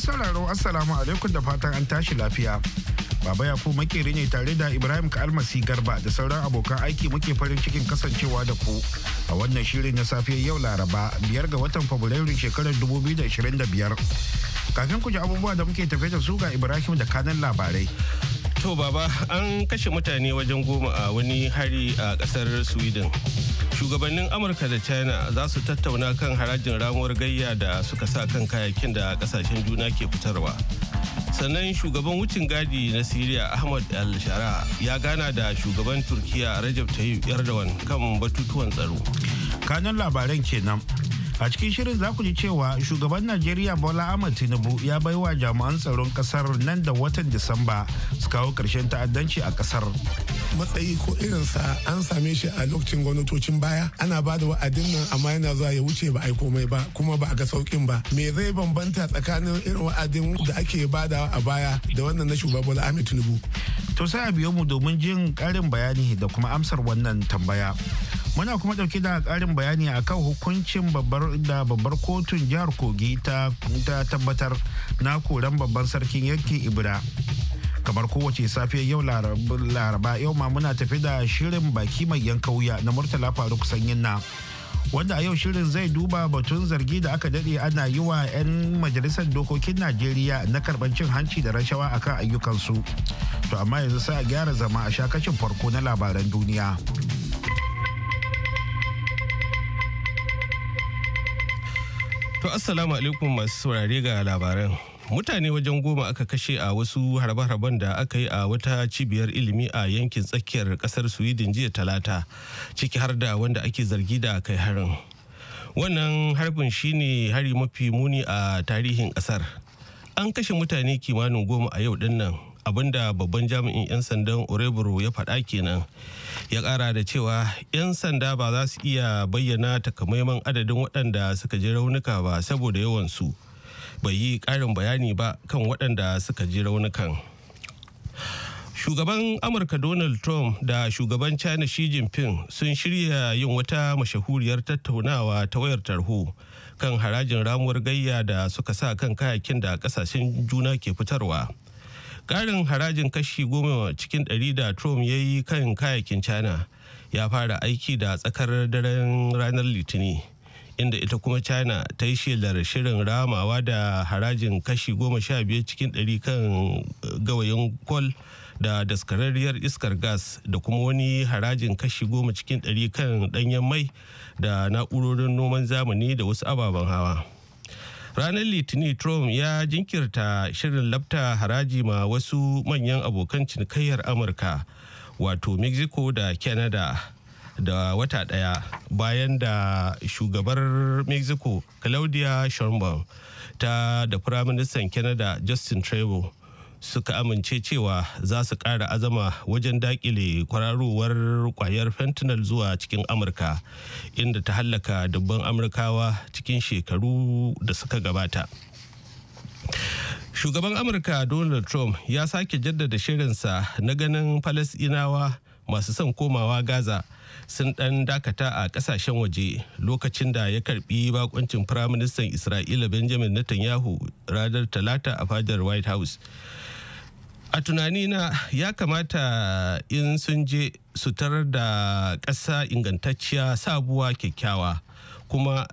sauraro Assalamu alaikum da fatan an tashi lafiya. Baba Yakubu makeri ne tare da Ibrahim Kalmasi Garba da sauran abokan aiki muke farin cikin kasancewa da ku a wannan shirin na safiyar yau Laraba biyar ga watan fabrairu shekarar 2025. Kafin ku ji abubuwa da muke tafe da su ga Ibrahim da kanan labarai. To baba an kashe mutane wajen goma a wani hari a kasar Sweden. Shugabannin Amurka da China za su tattauna kan harajin ramuwar gayya da suka sa kan kayakin da kasashen juna ke fitarwa. Sannan shugaban wucin gadi na Siriya Ahmad al-Shara ya gana da shugaban Turkiya Rajab Tayyip Erdogan kan batutuwan tsaro. kanan labaran kenan A cikin shirin za ku ji cewa shugaban Najeriya Bola Ahmed Tinubu ya baiwa jami'an tsaron kasar nan da watan Disamba su kawo karshen ta'addanci a kasar. Matsayi ko irinsa an same shi a lokacin gwamnatocin baya ana ba da wa'adin nan amma yana zuwa ya wuce ba a yi komai ba kuma ba a ga saukin ba. Me zai bambanta tsakanin irin wa'adin da ake badawa a baya da wannan na shugaban Bola Ahmed Tinubu. To sai a biyo mu domin jin karin bayani da kuma amsar wannan tambaya. Muna kuma ɗauke da karin bayani akan hukuncin babbar da babbar kotun jihar kogi ta tabbatar na koren babban sarkin yankin ibra kamar kowace safiyar yau laraba yau ma muna tafi da shirin baki mai yanka wuya na murtala faru sanyin na wanda a yau shirin zai duba batun zargi da aka dade ana yi wa 'yan majalisar dokokin najeriya na karban cin hanci da rashawa akan ayyukansu to amma yanzu sai a gyara zama a shakacin farko na labaran duniya To assalamu alaikum masu saurare ga labaran. Mutane wajen goma aka kashe a wasu harbe-harben da aka yi a wata cibiyar ilimi a yankin tsakiyar kasar Sweden jiya talata, ciki har da wanda ake zargi da kai harin. Wannan harbin shine hari mafi muni a tarihin kasar. An kashe mutane kimanin goma a yau dinnan abinda babban jami'in 'yan sandan oreburu ya faɗa kenan ya ƙara da cewa 'yan sanda ba za su iya bayyana takamaiman adadin waɗanda suka ji raunuka ba saboda yawansu bai yi ƙarin bayani ba kan waɗanda suka ji raunukan shugaban amurka donald trump da shugaban china xi jinping sun shirya yin wata mashahuriyar tattaunawa ta wayar tarho kan harajin ramuwar gayya da suka sa kan kayakin da kasashen juna ke fitarwa ƙarin harajin kashi goma cikin ɗari da trump ya yi kan kayakin china ya fara aiki da tsakar daren ranar litini inda ita kuma china ta yi shelar shirin ramawa da harajin kashi goma sha biyar cikin ɗari kan eh, gawayin kwal da daskararriyar iskar gas da kuma wani harajin kashi goma cikin ɗari kan ɗanyen mai da na'urorin noman zamani da wasu ababen hawa. ranar Litini trump ya jinkirta shirin labta haraji ma wasu manyan abokan cinikayyar amurka wato mexico da canada da wata daya bayan da shugabar mexico claudia sheinbaum ta da firaministan canada justin trudeau suka amince cewa za su ƙara azama wajen dakile kwararowar kwayar fentanyl zuwa cikin amurka inda ta hallaka dubban amurkawa cikin shekaru da suka gabata shugaban amurka donald trump ya sake jaddada shirinsa na ganin falasinawa masu son komawa gaza sun ɗan dakata a ƙasashen waje lokacin da ya karbi bakuncin firaministan isra'ila benjamin netanyahu ranar talata a fadar white house a tunani na ya kamata in sun je su tarar da ƙasa ingantacciya sabuwa kyakkyawa kuma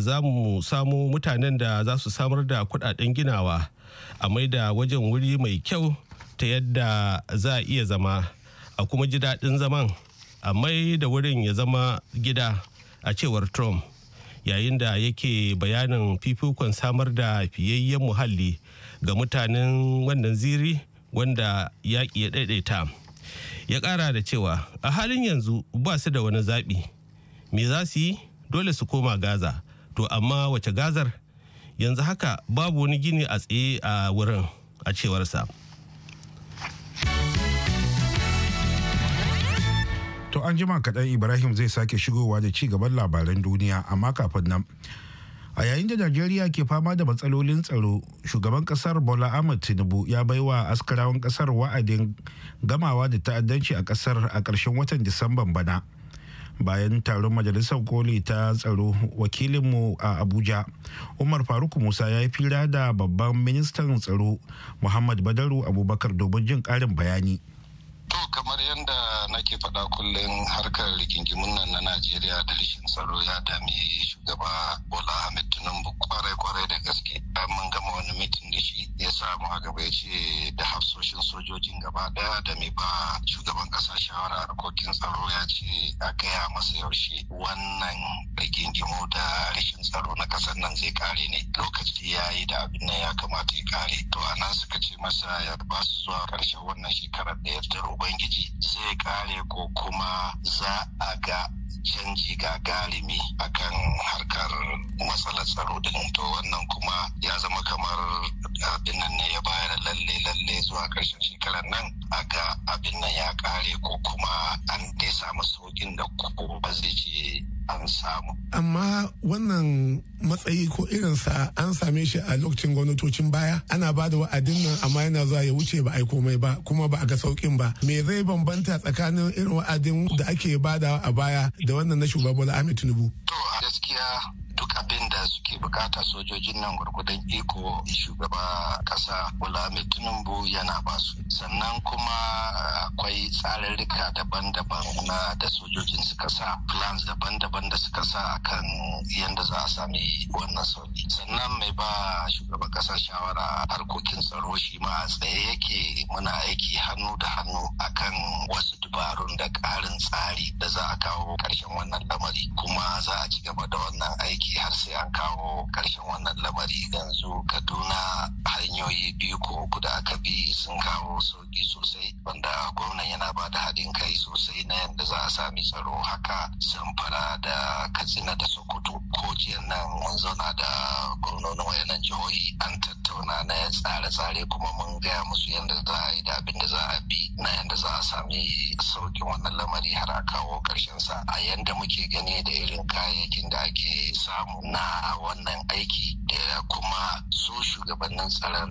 za mu samu mutanen da za su samar da kudaden ginawa a da wajen wuri mai kyau ta yadda za a iya zama a kuma ji daɗin zaman a mai da wurin ya zama gida a cewar trump yayin da yake bayanin fifikon samar da fiyayyen muhalli ga mutanen wannan ziri wanda yaƙi ya ɗaiɗaita ya ƙara da cewa a halin yanzu ba su da wani zaɓi me za su yi dole su koma gaza to amma wace gazar yanzu haka babu wani gini a tsaye a wurin a cewarsa. an jima kaɗan Ibrahim zai sake shigowa da ci gaban labaran duniya amma kafin nan. A yayin da Najeriya ke fama da matsalolin tsaro, shugaban kasar Bola Ahmed Tinubu ya bai wa askarawan kasar wa'adin gamawa da ta'addanci a kasar a ƙarshen watan Disamban bana. Bayan taron majalisar koli ta tsaro wakilinmu a Abuja, Umar Faruk Musa ya yi fira da babban ministan tsaro Muhammad Badaru Abubakar domin jin ƙarin bayani. To kamar yadda nake faɗa kullum harkar rigingimun nan na Najeriya da rashin tsaro ya dami shugaba Bola Ahmed Tinubu kwarai kwarai da gaske. Mun gama wani mitin da shi ya samu a gaba ya ce da hafsoshin sojojin gaba daya da mai ba shugaban ƙasa shawara harkokin tsaro ya ce a gaya masa yaushe wannan rigingimu da rashin tsaro na ƙasar nan zai kare ne lokaci ya yi da abin nan ya kamata ya kare. To a nan suka ce masa ya ba su zuwa ƙarshen wannan shekarar da ya ubangiji zai kare ko kuma za a ga canji ga gagarumi akan harkar matsalar tsaro din to wannan kuma ya zama kamar abin nan ne ya bayar lalle lalle zuwa karshen shekarar nan a ga abin nan ya kare ko kuma an dai samu saukin da ba zai ce an samu. Amma wannan matsayi ko irinsa an same shi a lokacin gwamnatocin baya ana ba da wa'adin nan amma yana zuwa ya wuce ba a yi komai ba kuma ba a ga saukin ba. Me zai bambanta tsakanin irin wa'adin da ake badawa a baya da wannan na shugaba Bola Ahmed Tinubu? To gaskiya da suke bukata sojojin nan gurgudan iko shugaba kasa Bola Tinubu yana ba su. Sannan kuma akwai tsararrika daban-daban na da sojojin suka sa plans daban-daban da suka sa akan yadda za a sami wannan sauki. Sannan mai ba shugaban kasa shawara harkokin tsaro shi ma a tsaye yake muna aiki hannu da hannu akan wasu dabarun da ƙarin tsari da za a kawo ƙarshen wannan lamari kuma za a ci gaba da wannan aiki har sai an kawo kawo ƙarshen wannan lamari yanzu kaduna hanyoyi biyu ko guda da aka bi sun kawo sauki sosai wanda gwamnan yana ba da haɗin kai sosai na yadda za a sami tsaro haka samfara da katsina da sokoto ko jiyan nan mun zauna da gwamnonin wayannan jihohi an tattauna na tsare-tsare kuma mun gaya musu yadda za a yi da abin da za a bi na yadda za a sami saukin wannan lamari har a kawo karshen sa a yadda muke gani da irin kayayyakin da ake samu na a wannan aiki da kuma su shugabannin tsaron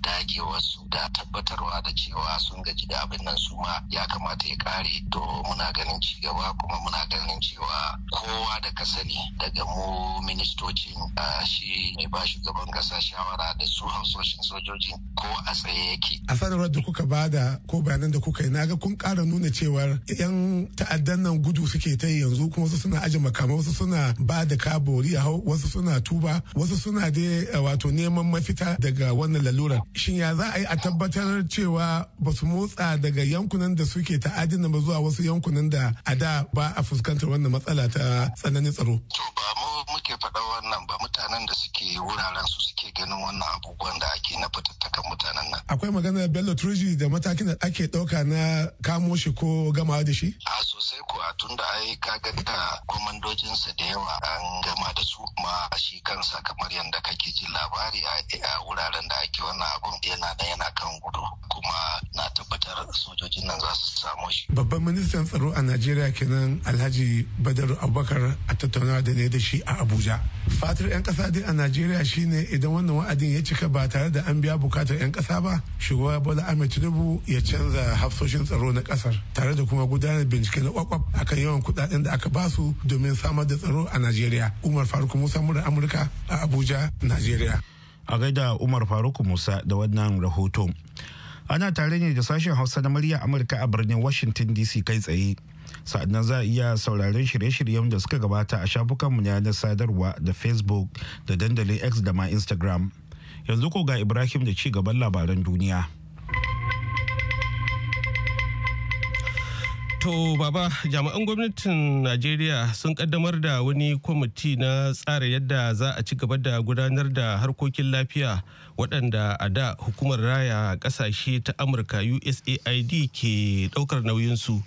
wasu da tabbatarwa da cewa sun gaji da abin nan su ma ya kamata ya kare to muna ganin cigaba kuma muna ganin cewa kowa da ka sani daga mu ministocin shi ne ba shugaban kasa shawara da su hausoshin sojojin ko a tsaye yake. A sanarwar da kuka bada ko bayanan da kuka yi na ga kun kara nuna cewar 'yan ta'addan nan gudu suke ta yanzu kuma wasu suna aje makamai wasu suna ba da kabori a wasu suna tuba duba wasu suna da eh, wato neman mafita daga wannan lalurar shin ya za a yi a tabbatar cewa ba su motsa daga yankunan da suke ta'adin ba zuwa wasu yankunan da a da ba a fuskantar wannan matsala ta tsananin tsaro to ba mu muke faɗa wannan ba mutanen da suke wuraren su suke ganin wannan abubuwan da ake na fitattakan mutanen nan akwai maganar bello turji da matakin da ake ɗauka na kamo shi ko gamawa da shi a sosai ko tun da ai ka ga da kwamandojinsa da yawa an gama da su ma shi kansa kamar yadda kake jin labari a wuraren da ake wannan abun yana da yana kan gudu kuma na tabbatar sojojin nan za su samu shi. Babban ministan tsaro a Najeriya kenan Alhaji Badaru Abubakar a tattaunawa da ne da shi a Abuja. Fatar 'yan kasa dai a Najeriya shine idan wannan wa'adin ya cika ba tare da an biya bukatar 'yan kasa ba, shugaba Bola Ahmed Tinubu ya canza hafsoshin tsaro na kasar tare da kuma gudanar bincike na kwakwaf akan yawan kudaden da aka ba su domin samar da tsaro a Najeriya. Umar Faruk Musa murar Amurka a Abuja, Najeriya. A gaida Umar Faruk Musa da wannan rahoto. Ana tare ne da sashen Hausa na murya Amurka a birnin Washington DC kai tsaye. sa'annan za a iya sauraron shirye-shiryen da suka gabata a shafukan mu na yanar sadarwa da facebook da dandalin x da ma instagram yanzu ko ga ibrahim da ci gaban labaran duniya. To baba jami'an gwamnatin Najeriya sun kaddamar da wani kwamiti na tsara yadda za a ci gaba da gudanar da harkokin lafiya waɗanda a da hukumar raya ƙasashe ta Amurka USAID ke ɗaukar nauyinsu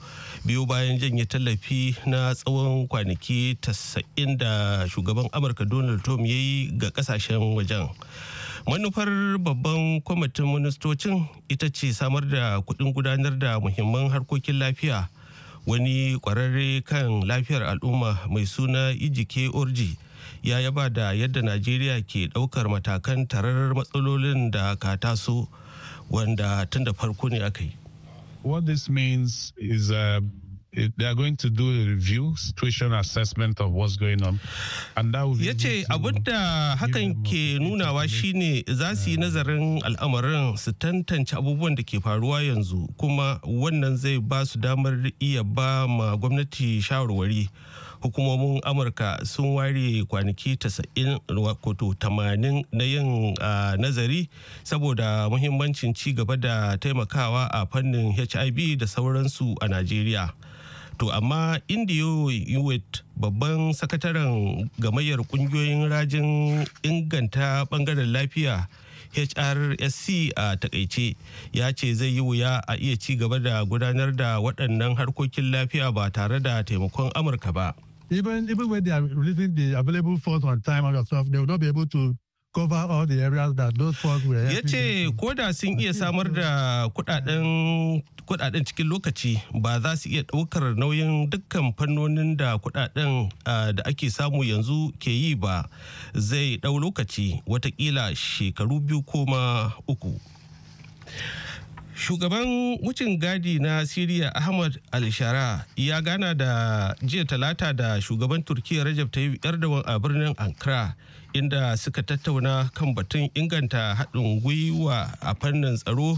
biyu bayan janye tallafi na tsawon kwanaki tasa'in da shugaban Amurka Donald Trump ya yi ga ƙasashen wajen. manufar babban kwamitin ministocin ita ce samar da kuɗin gudanar da muhimman harkokin lafiya wani kwararre kan lafiyar al'umma mai suna ijike orji ya yaba da yadda najeriya ke daukar matakan tararar matsalolin da ka taso wanda tun da farko ne aka yi what this means is a uh, they are going to do a review situation assessment of what's going on and that will yace hakan ke nunawa shine za su yi nazarin al'amarin su tantance abubuwan da ke faruwa yanzu kuma wannan zai ba su damar iya ba ma gwamnati shawarwari hukumomin amurka sun ware kwanaki 80 na yin nazari saboda muhimmancin ci gaba da taimakawa a fannin hiv da sauransu a najeriya To amma Indiyo Iwet babban sakataren gamayyar kungiyoyin rajin inganta bangaren lafiya HRSC a takaice ya ce zai yi wuya a iya ci gaba da gudanar da waɗannan harkokin lafiya ba tare da taimakon Amurka ba. Even, even when they are releasing the available force on time and yourself, they will not be able to cover all the areas that those funds were ya ce ko da sun iya samar da kudaden kudaden cikin lokaci ba za su iya daukar nauyin dukkan fannonin da kudaden da ake samu yanzu ke yi ba zai dau lokaci watakila shekaru biyu koma uku shugaban wucin gadi na siriya ahmad al-shara ya gana da jiya talata da shugaban turkiyya rajab tayyip erdogan a birnin ankara inda suka tattauna kan batun inganta haɗin gwiwa a fannin tsaro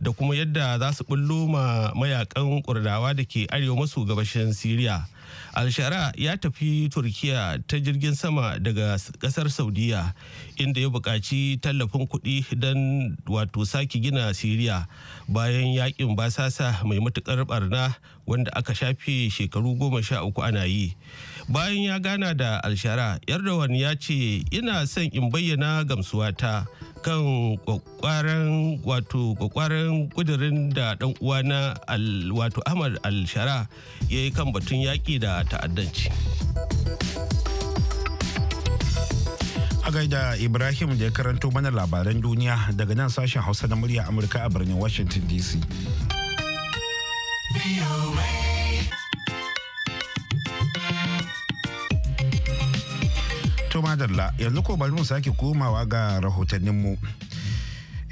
da kuma yadda za su bullo ma mayakan kurdawa da ke arewa maso gabashin siriya alshara ya tafi turkiya ta jirgin sama daga kasar saudiya inda ya buƙaci tallafin kuɗi don wato sake gina siriya bayan yakin basasa mai matuƙar barna wanda aka shafe shekaru goma sha uku ana yi bayan ya gana da alshara yardawan ya ce ina son in bayyana gamsuwata kan kwakwaren wato kwakwaren kudirin da dan uwana wato ahmad alshara ya yi kan batun yaƙi da ta'addanci gaida ibrahim da ya karanto mana labaran duniya daga nan sashen hausa na murya amurka a birnin washington dc madalla yanzu ko bari mu sake komawa ga rahotanninmu.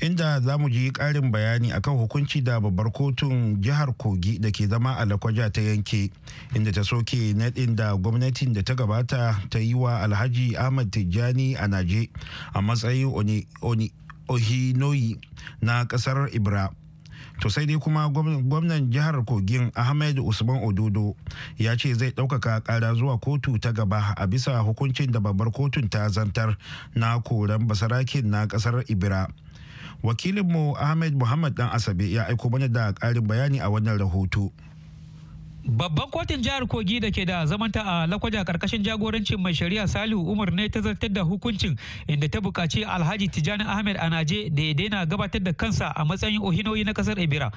Inda za mu ji karin bayani akan hukunci da babbar kotun jihar Kogi da ke zama a ta yanke inda ta soke naɗin da gwamnatin da ta gabata ta yi wa Alhaji Ahmad Tijjani a Naje a matsayin Ohinoyi na kasar Ibra. to sai dai kuma gwamnan jihar kogin ahmed usman ododo ya ce zai ɗaukaka ƙara zuwa kotu ta gaba a bisa hukuncin da babbar kotun ta zantar na koren basarakin na ƙasar ibira wakilinmu ahmed muhammad dan asabe ya aiko mana da ƙarin bayani a wannan rahoto. Babban kotun jihar Kogi da ke da zamanta a Lakwaja karkashin jagorancin mai shari'a Salihu Umar ne ta zartar da hukuncin inda ta bukaci Alhaji tijani Ahmed Anaje da ya daina gabatar da kansa a matsayin ohinoyi na kasar Ebira.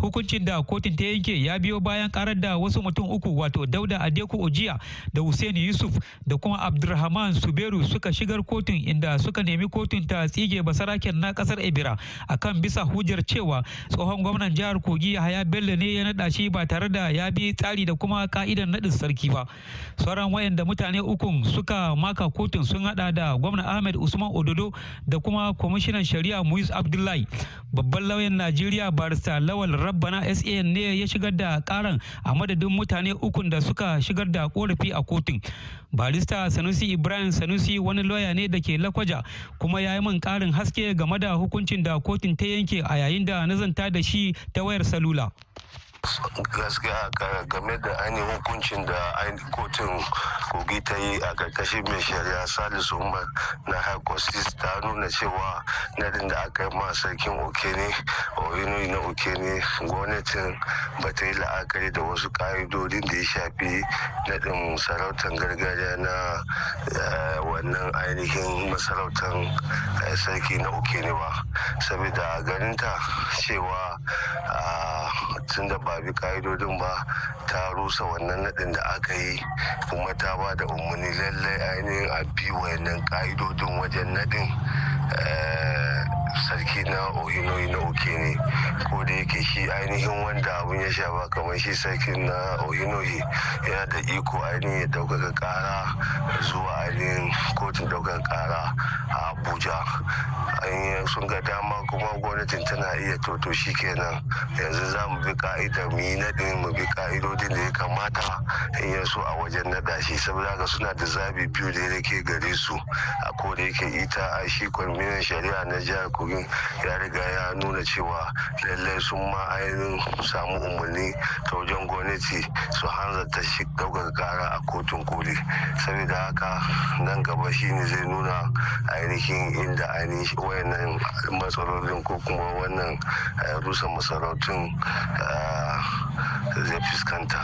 hukuncin da kotun ta yanke ya biyo bayan karar da wasu mutum uku wato dauda adeku ojiya da hussein yusuf da kuma abdulrahman suberu suka shigar kotun inda suka nemi kotun ta tsige basaraken na kasar ebira akan bisa hujjar cewa tsohon gwamnan jihar kogi yahaya bello ne ya naɗa shi ba tare da ya bi tsari da kuma ka'idar naɗin sarki ba sauran wayanda mutane ukun suka maka kotun sun hada da gwamna ahmed usman ododo da kuma kwamishinan shari'a muiz abdullahi babban lauyan najeriya barista lawal rabbana san ne ya shigar da karan a madadin mutane ukun da suka shigar da korafi a kotun barista sanusi ibrahim sanusi wani lauya ne da ke lakwaja kuma ya yi min karin haske game da hukuncin da kotun ta yanke a yayin da nazanta da shi ta wayar salula gaskiya game da ainihin hukuncin da kotun kogi ta yi a karkashin mai shari'a salisu umar na haikosis ta nuna cewa nadin da aka yi ma sarkin okene oyinu na okene gwamnatin ba ta yi la'akari da wasu ka'idodin da ya shafi nadin sarautar gargajiya na eh, wannan ainihin masarautar eh, sarki na okene ba saboda ganinta cewa ah, tun da ba bi ka'idodin ba ta rusa wannan nadin da aka yi kuma ta ba da umarni lallai ainihin a bi wayannan ka'idodin wajen nadin eh, sarki na ohino na uke ne ko da yake shi ainihin wanda abun ya shafa kamar shi sarkin na ohinohi yana da iko ainihin ya ɗaukaka kara zuwa ainihin kotun daukar ƙara a abuja ainihin sun ga dama kuma gwamnatin tana iya toto shi kenan yanzu za mu bi ka'ida mu yi naɗin mu bi ka'idodin da ya kamata in yi so a wajen naɗa shi saboda haka suna da zabi biyu da ke gare su a koda yake ita a shi kwamitin shari'a na jihar kogin ya riga ya nuna cewa lallai lallai sun ma ainihin samu umarni ta wajen gwamnati su ta shi ɗaukar kara a kotun koli saboda haka nan gaba shi ne zai nuna ainihin inda ainihin wayannan matsalolin ko kuma wannan eh, rusa masarautun eh, zai fuskanta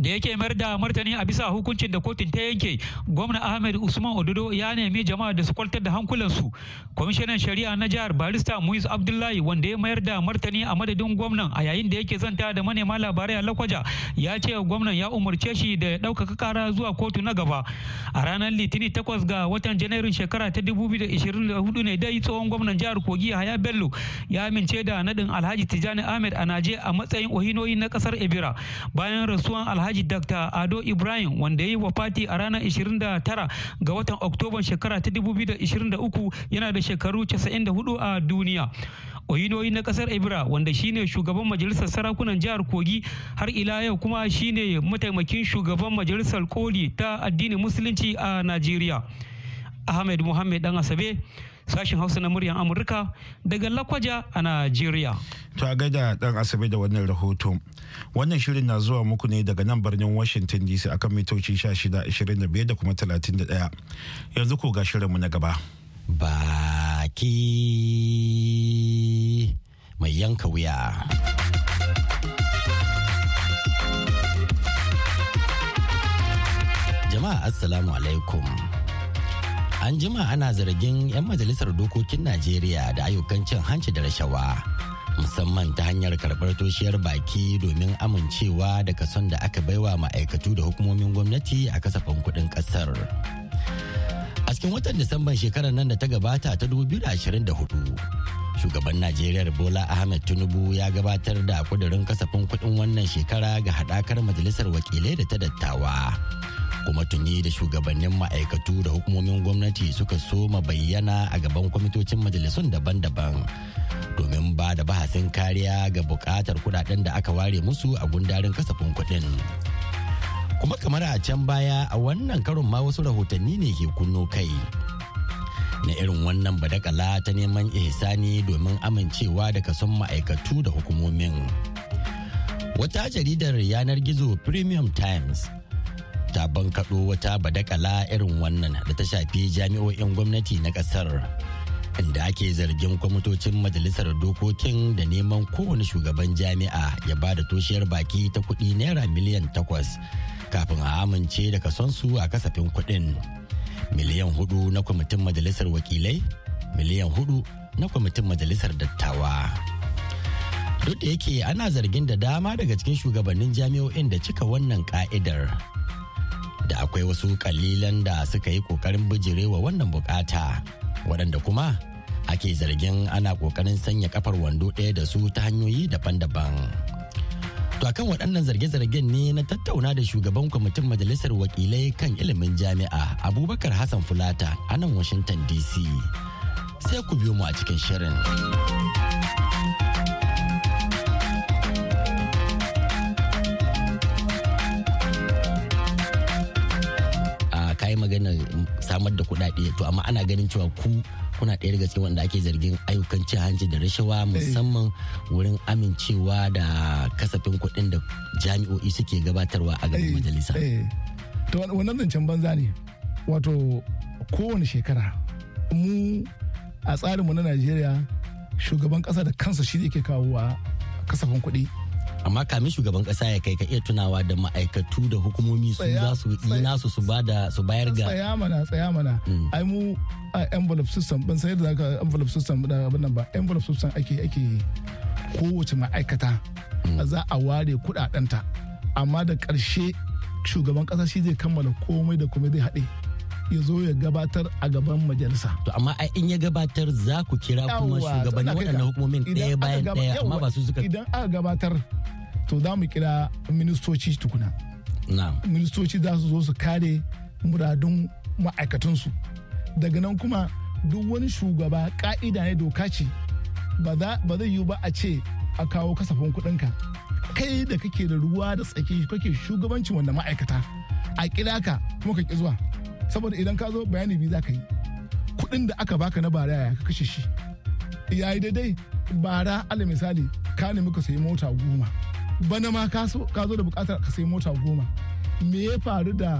da yake mayar da martani a bisa hukuncin da kotun ta yanke gwamna ahmed usman ododo ya nemi jama'a da su kwaltar da hankulansu kwamishinan shari'a na jihar barista muiz abdullahi wanda ya mayar da martani a madadin gwamnan a yayin da yake zanta da manema labarai a lakwaja ya ce gwamnan ya umarce shi da ya ɗaukaka kara zuwa kotu na gaba a ranar litini takwas ga watan janairun shekara ta 2024 ne dai tsohon gwamnan jihar kogi haya bello ya amince da nadin alhaji tijani ahmed a naje a matsayin ohinoyi na kasar ebira bayan rasuwan alhaji alhaji dr ado ibrahim wanda ya yi wafati a ranar 29 ga watan oktoban shekara ta 2023 yana da shekaru 94 a duniya Oyinoyi na kasar ibra wanda shine shugaban majalisar sarakunan jihar kogi har ila yau kuma shine mataimakin shugaban majalisar koli ta addinin musulunci a najeriya ahmed Muhammad dan asabe sashen hausa na muryar amurka daga lakwaja a najeriya to a gaida dan asabe da wannan rahoton wannan shirin na zuwa muku ne daga nan birnin washington dc akan mitoci 16 da kuma 31 yanzu ko ga shirinmu na gaba baki mai yanka wuya. Jama'a Assalamu alaikum. an jima ana zargin 'yan majalisar dokokin najeriya da ayyukan cin hanci da rashawa musamman ta hanyar karɓar toshiyar baki domin amincewa da kason da aka baiwa ma'aikatu da hukumomin gwamnati a kasafin kuɗin ƙasar a cikin watan disamban shekarar nan da ta gabata ta 2024 shugaban najeriya bola ahmed tinubu ya gabatar da kudirin kasafin kuɗin wannan shekara ga haɗakar majalisar wakilai da ta dattawa kuma tuni da shugabannin ma'aikatu da hukumomin gwamnati suka so ma bayyana a gaban kwamitocin majalisun daban-daban domin ba da bahasin kariya ga bukatar kudaden da aka ware musu a gundarin kasafin kudin kuma kamar a can baya a wannan karon ma wasu rahotanni ne ke kunno kai na irin wannan badakala ta neman ihsani domin amincewa da kason ma'aikatu da hukumomin wata jaridar yanar gizo premium times ta bankaɗo wata badakala irin wannan da ta shafi jami'o'in gwamnati na ƙasar inda ake zargin kwamitocin majalisar dokokin da neman kowane shugaban jami'a ya ba da toshiyar baki ta kuɗi naira miliyan takwas kafin a amince da kasonsu a kasafin kuɗin miliyan hudu na kwamitin majalisar wakilai miliyan hudu na kwamitin majalisar dattawa. duk da yake ana zargin da dama daga cikin shugabannin jami'o'in da cika wannan ka'idar da akwai wasu kalilan da suka yi kokarin bijirewa wannan bukata waɗanda kuma ake zargin ana kokarin sanya kafar wando ɗaya da su ta hanyoyi daban-daban to akan waɗannan zarge-zargen ne na tattauna da shugaban kwamitin majalisar wakilai kan ilimin jami'a abubakar hassan fulata a nan washington dc sai ku biyo mu a cikin shirin. maganar samar da kuɗaɗe to amma ana ganin cewa ku kuna ɗaya daga cikin wanda ake zargin ayyukan cin hanci da rashawa eh. musamman wurin amincewa da kasafin kuɗin da jami'o'i suke gabatarwa a gaban eh, majalisa. Eh. To wannan zancen banza ne wato kowane shekara mu a tsarinmu na Najeriya shugaban ƙasa da kansa shi yake kawo wa kasafin kuɗi amma kamin shugaban kasa ya kai ka iya tunawa da ma'aikatu da hukumomi su za su yi nasu su bada su bayar ga tsaya mana tsaya mana hmm. ai mu envelope system ban sai da zaka envelope system da abin nan ba envelope system ake ake kowace ma'aikata hmm. za a ware kudadenta amma da karshe shugaban kasa shi zai kammala komai da komai zai haɗe ya zo ya gabatar a gaban majalisa. To amma ai in ya gabatar za ku kira kuma shugabannin waɗannan hukumomin ɗaya bayan ɗaya amma ba su suka. Idan aka gabatar to za mu kira ministoci tukuna. Ministoci za su zo su kare muradun ma'aikatansu. Daga nan kuma duk wani shugaba ka'ida ne doka ce ba zai yiwu ba a ce a kawo kasafin kuɗinka. Kai da kake da ruwa da tsaki kake shugabancin wanda ma'aikata a kira ka kuma ka ki zuwa saboda idan ka zo bayani biyu za ka yi kuɗin da aka baka na bara ya kashe shi ya yi daidai bara ala misali ka nemi ka sayi mota goma bana ma ka zo da bukatar ka sayi mota goma me ya faru da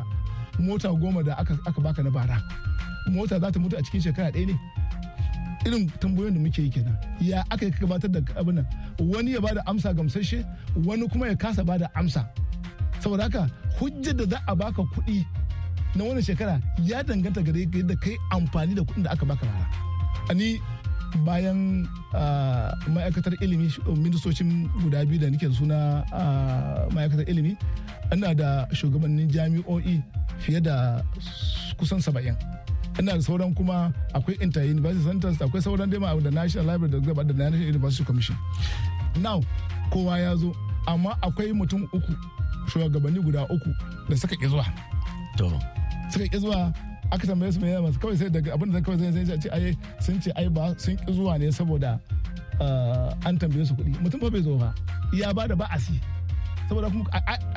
mota goma da aka baka na bara mota za ta mutu a cikin shekara ɗaya ne irin tambayoyin da muke yi kenan ya aka yi gabatar da abin nan wani ya ba da amsa gamsashe wani kuma ya kasa bada amsa saboda haka hujjar da za a baka kuɗi na wannan shekara ya danganta gare yadda kai amfani da kuɗin da aka baka rara ani bayan ma'aikatar ilimi ministocin guda biyu da nike suna ma'aikatar ilimi ana da shugabannin jami'o'i fiye da kusan saba'in ina da sauran kuma akwai inter university centers akwai sauran dai da national library da gaba da national university commission now kowa ya zo amma akwai mutum uku shugabanni guda uku da suka ƙi zuwa suka ƙi zuwa aka tambaye su mai yamma kawai sai daga abin da kawai zai sai ce ai sun ce ai ba sun ƙi zuwa ne saboda ah, an tambaye su kuɗi mutum fa bai zo ba ya ba da ba'asi saboda kuma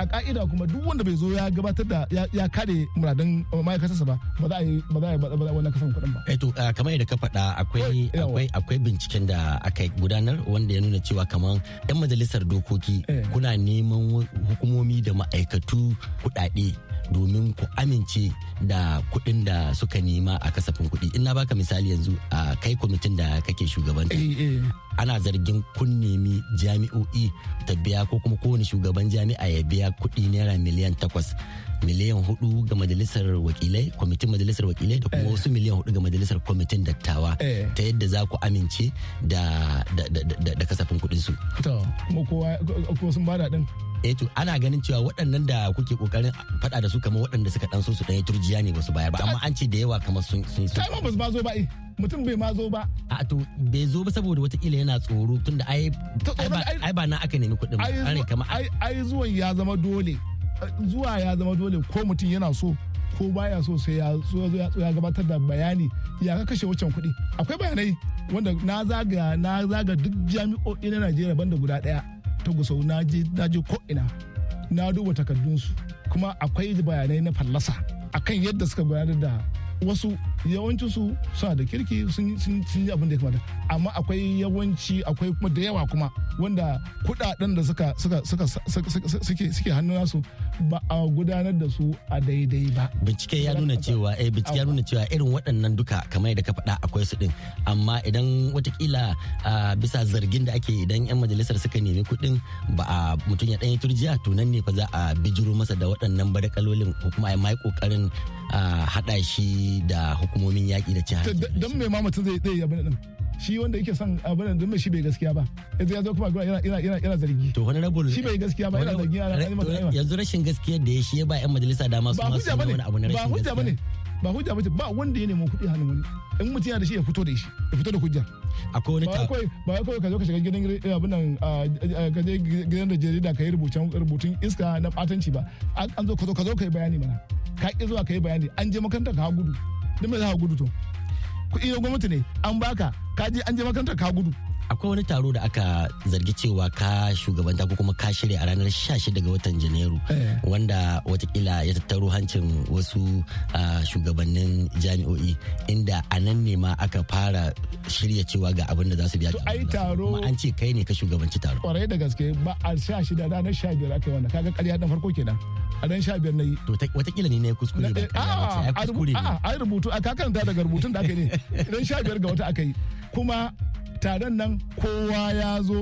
a ka'ida kuma duk wanda bai zo ya gabatar da ya kare muradin ma'aikatarsa ba ba za a yi ba za a yi wani kasan kuɗin ba. Eh to ah, kamar yadda ka faɗa akwai akwai akwai binciken da aka gudanar wanda ya nuna cewa kamar yan majalisar dokoki eh. kuna neman hukumomi da ma'aikatu kuɗaɗe domin ku amince da kuɗin da suka nema a kasafin kuɗi ina baka misali yanzu a kai kwamitin da kake shugabanta eh, eh. ana zargin kun nemi jami'o'i ta biya ko kuma kowane shugaban jami'a ya biya kuɗi naira miliyan takwas miliyan hudu ga majalisar wakilai kwamitin majalisar wakilai da kuma eh. wasu miliyan hudu ga majalisar kwamitin dattawa eh. ta yadda za ku amince da kasafin kudin su. ko sun Eh to ana ganin cewa waɗannan da kuke kokarin faɗa da su kamar waɗanda suka ɗan so su dan turjiya ne wasu bayar ba amma an ce da yawa kamar sun sun. sai ba ba zo ba eh. mutum bai ma zo ba. A to bai zo ba saboda watakila yana tsoro tunda ai ba na aka nemi kuɗin ba. Ai zuwan ya zama dole. zuwa ya zama dole ko mutum yana so ko baya so sai ya zo ya ya gabatar da bayani ya ka kashe wucin kuɗi akwai bayanai wanda na zaga na zaga duk jami'o'i na Najeriya banda guda ɗaya ta gusau na je na je ko ina na duba takardun su kuma akwai bayanai na fallasa akan yadda suka gudanar da wasu yawancin su suna da kirki sun yi abin da ya kamata amma akwai yawanci akwai kuma da yawa kuma wanda kudaden da suka suke hannun nasu ba a gudanar da su a daidai ba bincike ya nuna cewa eh bincike ya nuna cewa irin waɗannan duka kamar yadda ka faɗa akwai su din amma idan watakila bisa zargin da ake idan yan majalisar suka nemi kuɗin ba a mutum ya ɗanyi turjiya to nan ne fa za a bijiro masa da waɗannan barakalolin ko kuma a yi ƙoƙarin haɗa shi da hukumomin yaƙi da cin hanci don mai mamata mutum zai tsaye abin nan shi wanda yake son abin da shi bai gaskiya ba yanzu ya zo kuma ina yana yana yana zargi to wani rabu shi bai gaskiya ba yana zargi ina yanzu rashin gaskiyar da ya shi ya ba yan majalisa dama su ma sun wani abu na rashin gaskiya ba hujja bane ba hujja bace ba wanda ya nemo kuɗi hannun wani in mutum yana da shi ya fito da shi ya fito da hujja akwai wani ta ba kai ka zo ka shiga gidan eh, abin nan ah, eh, eh, ka je gidan da jarida ka yi rubutun rubutun iska na batanci ba an zo ka zo ka zo ka yi bayani mana ka ki zuwa ka yi bayani an je makaranta ka gudu din me za ka gudu to kuɗi na gwamnati ne an baka ka je an je makarantar ka gudu akwai wani taro da aka zargi cewa ka shugabanta ko kuma ka shirya a ranar 16 ga watan janairu eh. wanda watakila ya tattaro hancin wasu shugabannin jami'o'i inda a nan ne ma aka fara shirya cewa ga abin da za su biya ai taro an ce kai ne ka shugabanci taro kwarai da gaske ba a 16 ranar 15 aka yi wannan kaga ƙarya na farko kenan a dan sha biyar na yi. To watakila ne na eh, ya kuskure ba a A rubutu a kakan da daga rubutun da aka yi ne dan sha biyar ga wata aka yi kuma taron nan kowa ya zo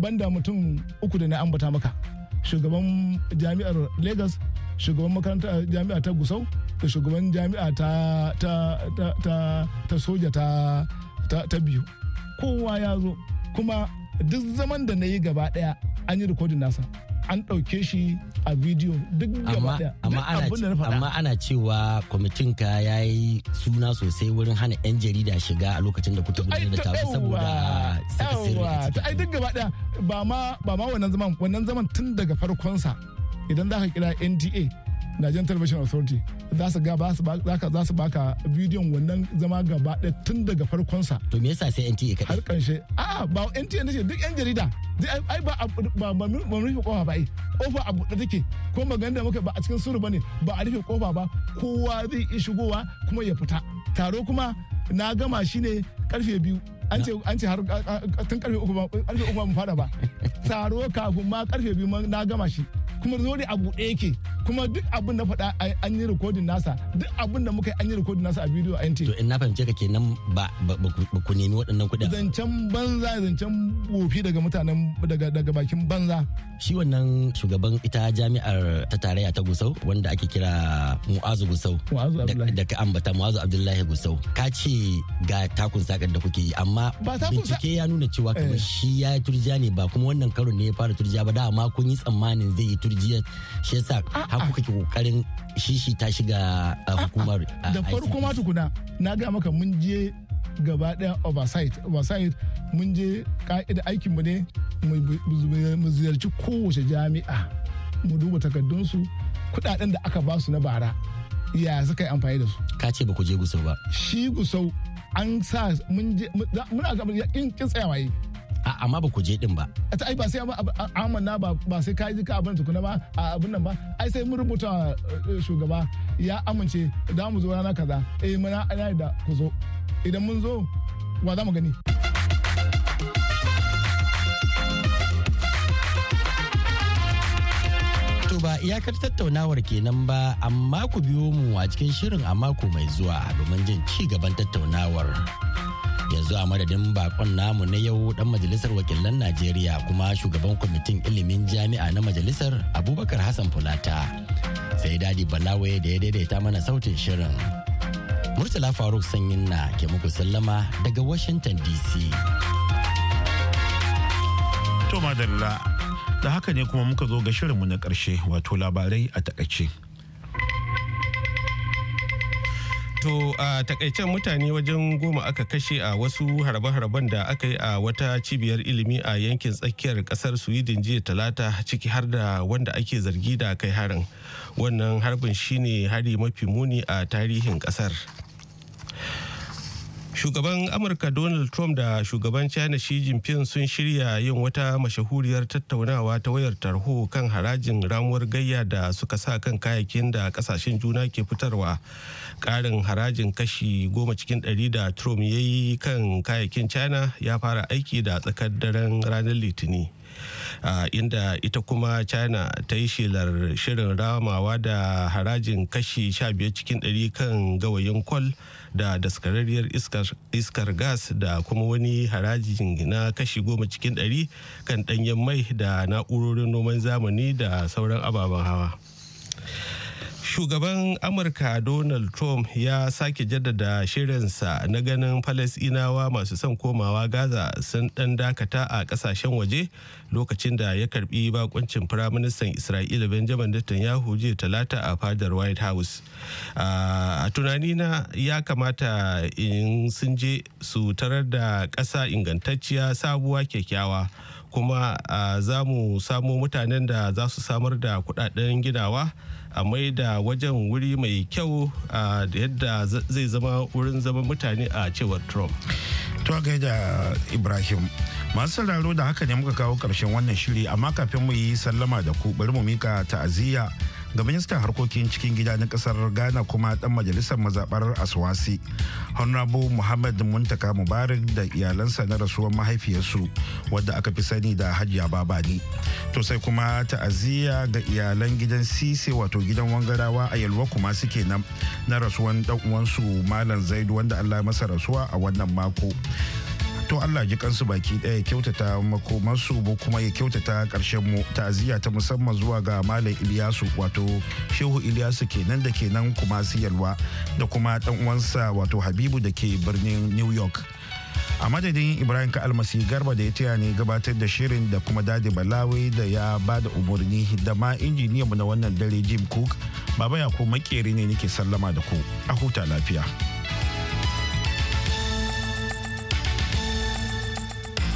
banda mutum uku da na ambata maka shugaban jami'ar lagos shugaban makarantar eh, jami'a ta gusau da shugaban jami'a ta ta soja ta biyu kowa ya zo kuma duk zaman da na yi gaba daya an yi rikodin nasa an ɗauke shi a bidiyo duk gaba daya amma ana cewa kwamitin ka ya yi suna sosai wurin hana 'yan jarida shiga a lokacin da kuka gudanar da tafi saboda saka sirri a ai duk gaba daya ba ma wannan zaman wannan zaman tun daga farkonsa idan za ka kira nda Nigerian Television Authority za su ga za su baka bidiyon wannan zama gaba ɗaya tun daga farkonsa. To me yasa sai NTA kaɗai? Har ƙarshe. A'a ba NTA nace duk 'yan jarida. Ai ba ba ba rufe kofa ba ai. Kofa a buɗe take. Ko magana da muka ba a cikin suru bane ba a rufe kofa ba kowa zai iya shigowa kuma ya fita. Taro kuma na gama shine karfe biyu. an ce an ce har tun karfe uku ba karfe uku ba mu fada ba taro kafin ma karfe biyu na gama shi kuma zo a buɗe yake kuma duk abin da faɗa an yi rikodin nasa duk abin da muka yi an yi rikodin nasa a bidiyo a yanti to in na fahimce ka kenan ba ku nemi waɗannan kuɗi zancen banza zancen wofi daga mutanen daga bakin banza shi wannan shugaban ita jami'ar ta tarayya ta gusau wanda ake kira mu'azu gusau Mu'azu da ka ambata mu'azu abdullahi gusau ka ce ga takun sakar da kuke yi amma bincike ya nuna cewa kamar eh. shi ya turja ne ba kuma wannan karon ne ya fara turja ba dama kun yi tsammanin zai yi turjiya shi yasa har kuka ki kokarin shishi ta shiga hukumar ah, ah, da farko ma tukuna na ga maka mun je gaba daya oversight oversight mun je ka'ida aikin mu ne mu ziyarci kowace jami'a mu duba takardunsu kudaden da aka basu na bara ya suka yi amfani da su ka ce ba ku je gusau ba shi gusau an sa mun je muna ga in kin tsayawa yi amma ba ku je din ba ta ai ba sai amanna ba ba sai ka yi ka abin tukuna ba a abin nan ba ai sai mun rubuta eh, shugaba ya amince da mu zo rana kaza eh muna ana da ku zo idan mun zo wa za mu gani ba iyakar tattaunawar kenan ba amma ku biyo mu a cikin shirin a mako mai zuwa domin jin ci gaban tattaunawar. yanzu a madadin bakon namu na yau dan majalisar wakilan najeriya kuma shugaban kwamitin ilimin jami'a na majalisar abubakar hassan fulata sai dadi waye da ya daidaita mana sautin shirin murtala faruk sanyin na ke muku sallama daga washington dc to madalla da haka ne kuma muka zo ga shirinmu na karshe wato labarai a takaice. To a takaice mutane wajen goma aka kashe a wasu harbe-harben da aka yi a wata cibiyar ilimi a yankin tsakiyar kasar Sweden jiya talata ciki har da wanda ake zargi da kai harin. Wannan harbin shine hari mafi muni a tarihin kasar. shugaban amurka donald trump da shugaban china xi jinping sun shirya yin wata mashahuriyar tattaunawa ta wayar tarho kan harajin ramuwar gayya da suka sa kan kayayyakin da kasashen juna ke fitarwa karin harajin kashi goma cikin ɗari da trump ya yi kan kayakin china ya fara aiki da tsakar daren ranar litinin inda ita kuma china ta yi shelar shirin ramawa da harajin kashi 15 cikin 100 kan gawayin kwal da daskararriyar iskar gas da kuma wani harajin na kashi 10 cikin 100 kan danyen mai da na'urorin noman zamani da sauran ababen hawa. Shugaban Amurka Donald Trump ya sake jaddada shirinsa na ganin Falasinawa masu son komawa Gaza sun ɗan dakata a ƙasashen waje lokacin da ya karbi bakuncin Firaministan Isra'ila Benjamin Netanyahu jiya talata a fadar White House. A tunanina ya kamata in sun je su tarar da ƙasa ingantacciya sabuwa kyakkyawa. kuma za mu samo mutanen da za su samar da kudaden ginawa a da wajen wuri mai kyau da yadda zai zama wurin zaman mutane a cewar trump to gaida ibrahim masu sauraro da haka ne muka kawo karshen wannan shiri amma kafin mu yi sallama da ku bari mu mika ta'aziyya ga ministan harkokin cikin gida na kasar ghana kuma dan majalisar mazabar aswasi honorable muhammad muntaka mubarak da iyalansa na rasuwar mahaifiyarsu wadda aka fi sani da hajiya babani to sai kuma ta'aziyya ga iyalan gidan sise wato gidan wangarawa a yalwa kuma suke nan na rasuwan dan uwansu malam zaidu wanda allah masa rasuwa a wannan mako to Allah ji kansu baki ɗaya kyautata makomansu mu kuma ya kyautata karshen mu ta'aziyya ta musamman zuwa ga Malam ilyasu wato Shehu Iliyasu kenan da kenan kuma siyarwa da kuma ɗan uwansa wato Habibu da ke birnin New York. a madadin ibrahim ka almasi garba da ya taya ne gabatar da shirin da kuma dadi balawai da ya ba da umarni da ma injiniyanmu na wannan dare jim cook baba ya ko makeri ne nake sallama da ku a huta lafiya